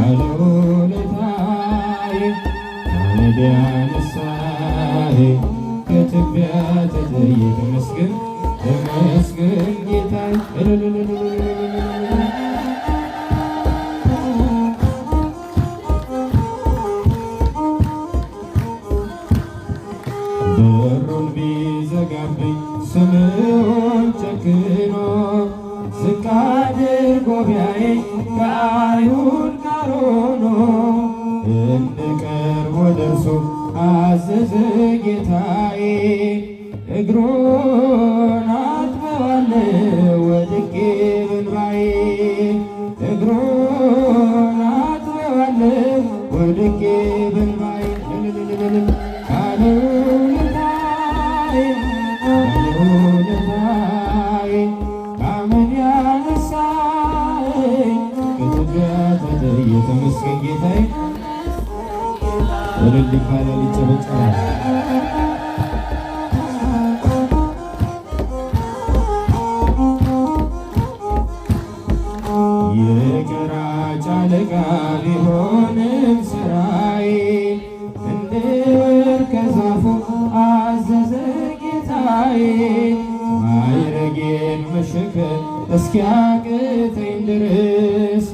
ሎሌታዬ አመዲያ ንሳሄ ከትቢያ ተለየ ተመስገን ተመስገን ጌታዬ በሩን ቢዘጋብኝ አዘዘ ጌታዬ እግሩን አጥበዋለሁ ወድቄ በእንባዬ እግሩን አጥበዋለሁ ወድቄ በእንባዬ ጌታዬ እልል ይባላል፣ ይጨበጨባል። የቀራጭ አለቃ ቢሆንም ስራዬ እንድወርድ ከዛፉ አዘዘ ጌታዬ ማዕረጌን መሸከም እስኪያቅተኝ ድረስ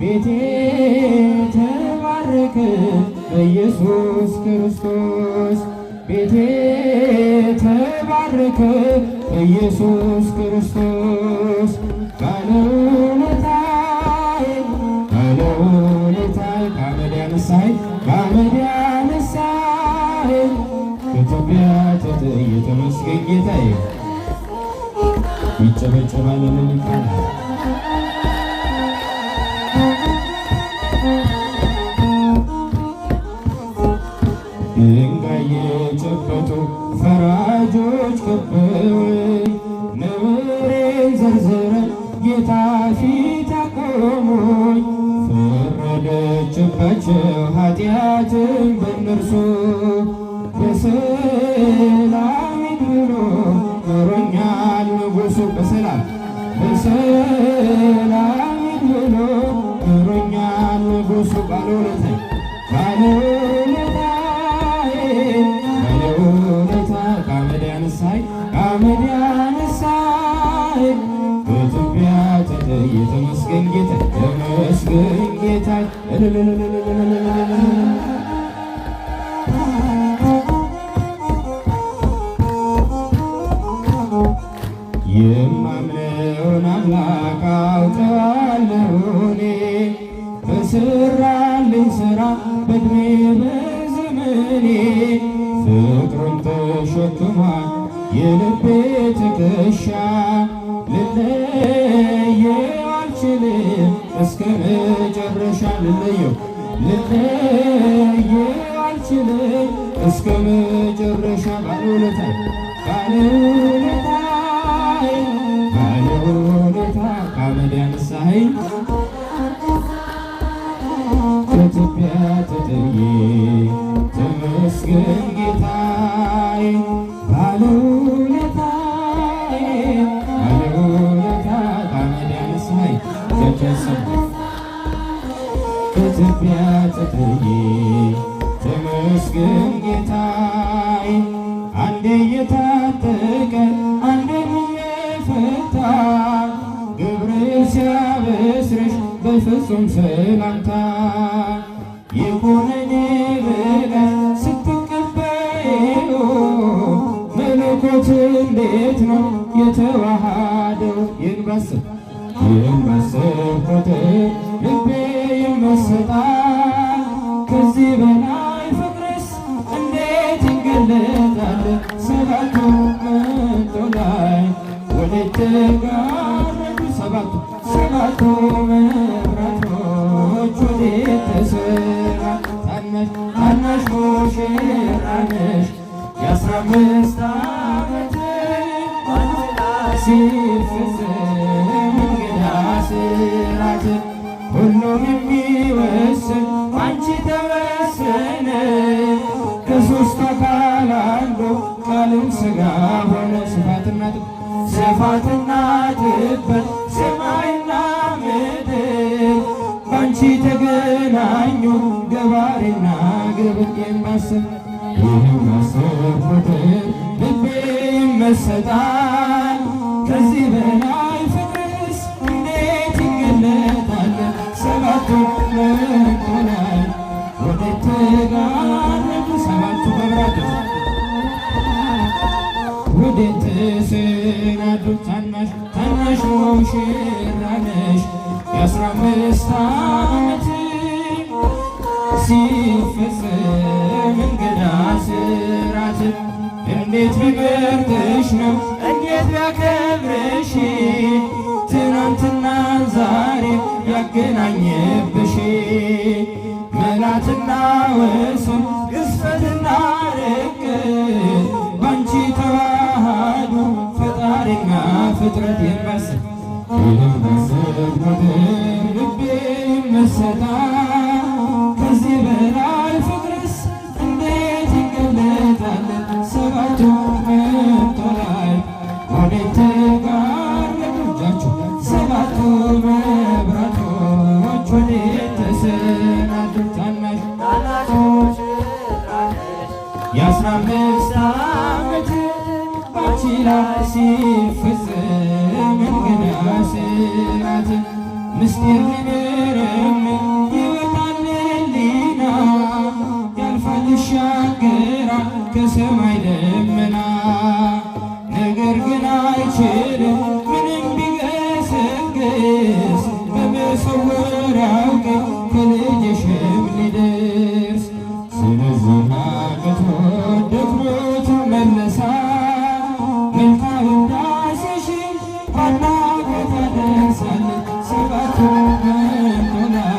ቤቴ ተባረከ። በኢየሱስ ክርስቶስ ቤቴ ተባረከ በኢየሱስ ክርስቶስ ባለውለታይ ይጨበጨባል ለምን ይባላል። ንሱ ባለውለታ ባለውለታ ከአመድ ተመስገን ጌታ ተመስገን ጌታ የልቤ ትከሻ ልለየው አልችልም እስከ መጨረሻ ልለየው ልለየው አልችልም እስከ መጨረሻ ባለውለታይ ባለውለታይ ባለውለታ ከአመድ ያነሳኸኝ ከኢትዮጵያ ተጠዬ ተመስገን ጌታይ በትቢያ ተክዬ ተመስገን ጌታዬ አንዴ የታጠቀ አንዴ የፈታ ገብርኤል ሲያበስርሽ በፍጹም ሰላምታ ይኩነኔ ብለሽ ስትቀበዩ መለኮት እንዴት ነው የተዋሃደው ይንባሰብ ይንባሰብ ይሰጣል። ከዚህ በላይ ፍቅርስ እንዴት ይገለጣል? ሰባቱ መቶ ላይ ወደተጋረዱ ሰባቱ ሰባቱ መብራቶች ወዴት ተሰራ ታናሽ ሙሽራ ነሽ የአስራ አምስት ተመስል አንዱ ስፋትና ስፋትና ጥበት ሰማይና ምድር ባንቺ ተገናኙ ገባሬና ግብር የማስብ ይህ ማሰብ ልቤ ብራነሽ የአስራ አምስት ዓመት ሲፈጸም እንግዳ ስራት እንዴት ቢገርምሽ ነው እንዴት ቢያከብርሽ ትናንትና ዛሬ ያገናኘብሽ መላትና ወሰን ግዝፈትና ርቀት ባንቺ ተዋሃዱ ፈጣሪና ፍጥረት የመስ የአስራ አምስት ዓመት ባንቺ ላይ ሲፈ ስላት ምስጢር ሊብርም ይወጣል ሊና ያልፋል ሻገራ ከሰማይ ደመና ነገር ግን አይችልም ምንም ቢገሰግስ በመሰወሪያው ቀኝ ከልጅሽም ሊደርስ ስለዚህ ደክሞት መለሳ ሰንሰለቱ በእጁ ላይ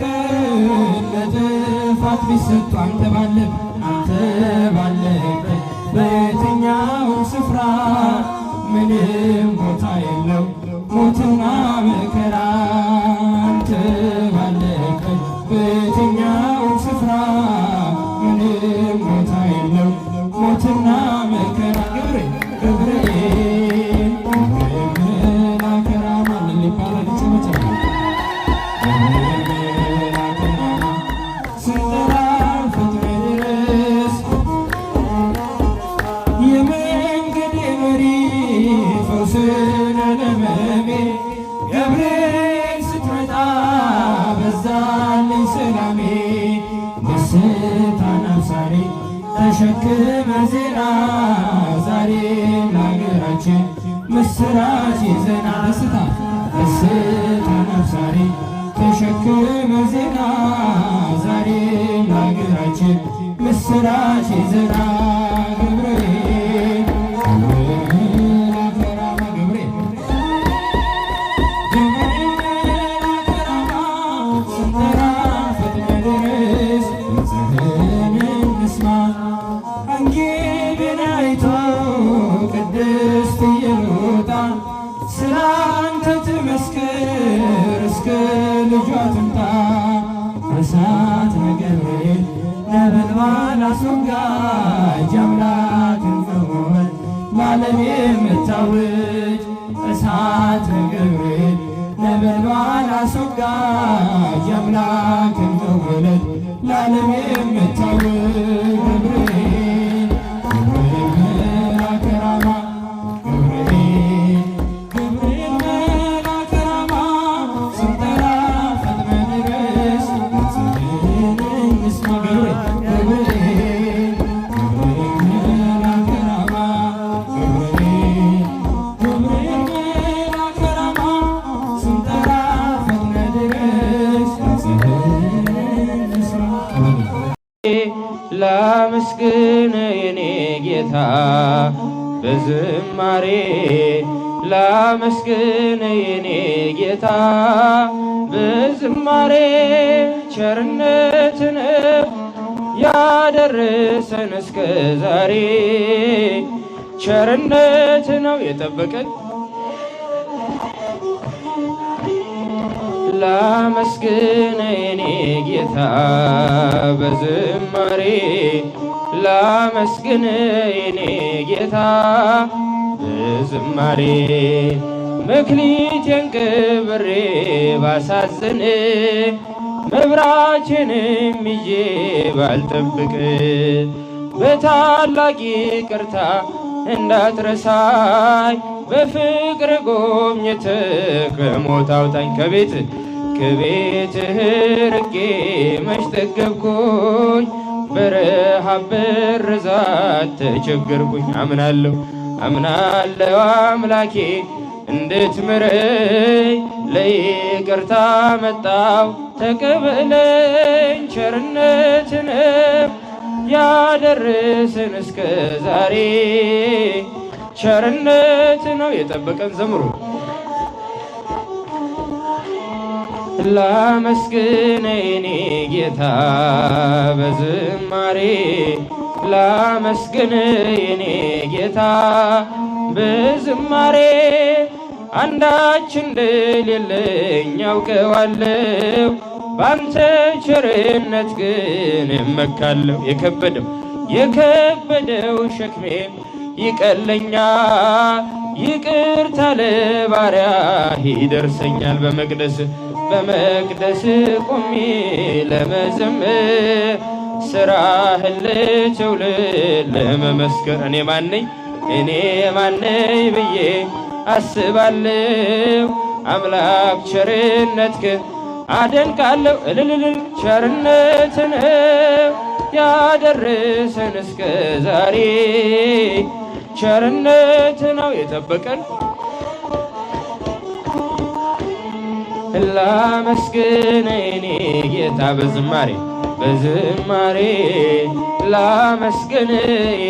ምስክርነት ፋት ቢሰጡ አንተ ባለም አንተ ተሸክመ ዜና ዛሬ ለሀገራችን ምስራች ይዘናል። እስከ ልጇ ትምጣ እሳት ነገርን ነበልባል አስወጋጅ አምላክን ፍሙን ለዓለም የምታውጅ እሳት ነገርን ነበልባል አስወጋጅ አምላክን ፍሙን ለዓለም የምታውጅ በዝማሬ ላመስግን የኔ ጌታ በዝማሬ ቸርነትን ያደረሰን እስከ ዛሬ ቸርነት ነው የጠበቀን። ላመስግን የኔ ጌታ በዝማሬ ላመስግን የኔ ጌታ በዝማሬ መክሊቴን ቀብሬ ባሳዝን መብራችንም ይዤ ባልጠብቅ በታላቅ ይቅርታ እንዳትረሳይ በፍቅር ጎብኝት ከሞት አውጣኝ ከቤት ከቤትህ ርቄ መሽጠገብኩኝ በረሃብ ዛት ተቸገርኩኝ አምናለሁ አምናለሁ አምላኬ እንድትምረኝ ለይቅርታ መጣው ተቀበለኝ ቸርነትንም ያደርስን እስከ ዛሬ ቸርነት ነው የጠበቀን ዘምሩ ላመስግን የኔ ጌታ በዝማሬ ላመስግን የኔ ጌታ በዝማሬ አንዳች እንደሌለኝ አውቀዋለሁ ባንተ ቸርነት ግን እመካለሁ። የከበደው የከበደው ሸክሜ ይቀለኛል ይቅርታ ለባሪያ ይደርሰኛል በመቅደስ በመቅደስ ቁሚ ለመዘምር ስራህን ልችውልል ለመመስከር እኔ ማነኝ እኔ ማነኝ ብዬ አስባለሁ። አምላክ ቸርነትህ አደንቃለሁ። እልልልል ቸርነትን ያደረሰን እስከ ዛሬ ቸርነት ነው የጠበቀን ላመስግን እኔ ጌታ በዝማሬ በዝማሬ ላመስግን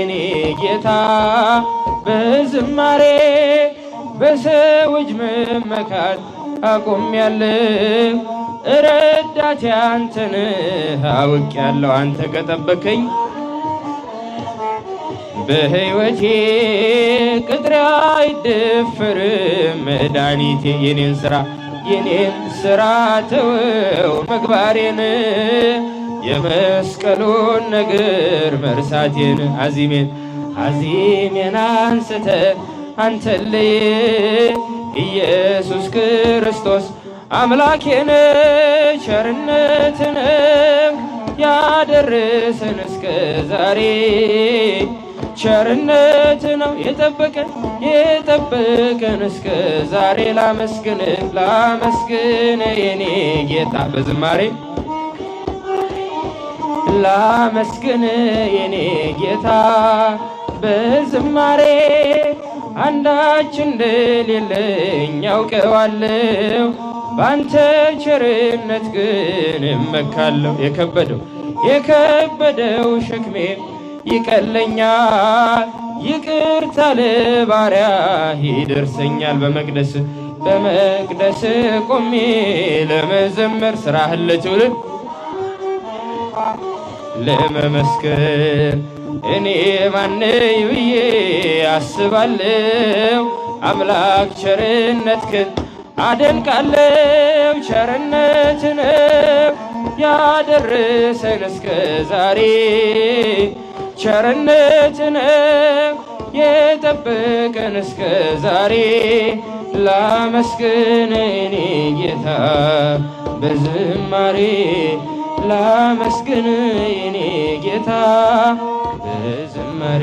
እኔ ጌታ በዝማሬ በሰው እጅ መመካት አቆሜያለሁ። ረዳቴ አንተን አውቄያለሁ። አንተ ከጠበከኝ በሕይወቴ ቅጥሬ አይደፈርም መድኃኒቴ የኔን ስራ የኔን ስራ ተወው ምግባሬን የመስቀሉን ነገር መርሳቴን አዚሜን አዚሜን አንስተ አንተልይ ኢየሱስ ክርስቶስ አምላኬን ቸርነትን ያደረሰን እስከ ዛሬ ቸርነት ነው የጠበቀን የጠበቀን እስከ ዛሬ ላመስግን ላመስግን የኔ ጌታ በዝማሬ ላመስግን የኔ ጌታ በዝማሬ አንዳች እንደሌለኝ አውቀዋለሁ ባንተ ቸርነት ግን እመካለሁ የከበደው የከበደው ሸክሜ ይቀለኛል። ይቅርታ ባሪያ ይደርሰኛል። በመቅደስ በመቅደስ ቆሜ ለመዘመር ስራህን ለትውልድ ለመመስከር እኔ ማነኝ ብዬ አስባለው አምላክ ቸርነትህን አደንቃለሁ። ቸርነት ነው ያደረሰን እስከ ዛሬ ቸርነት ነው የጠበቀን እስከ ዛሬ ላመስግን እኔ ጌታ በዝማሬ ላመስግን እኔ ጌታ በዝማሬ